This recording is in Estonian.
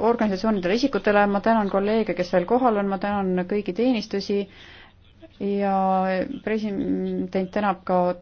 organisatsioonidele, isikutele, ma tänan kolleege, kes veel kohal on, ma tänan kõigi teenistusi ja president tänab ka